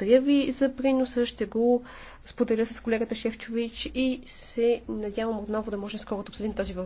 Благодаря ви за приноса. Ще го споделя с колегата Шевчович и се надявам отново да може скоро да обсъдим този въпрос.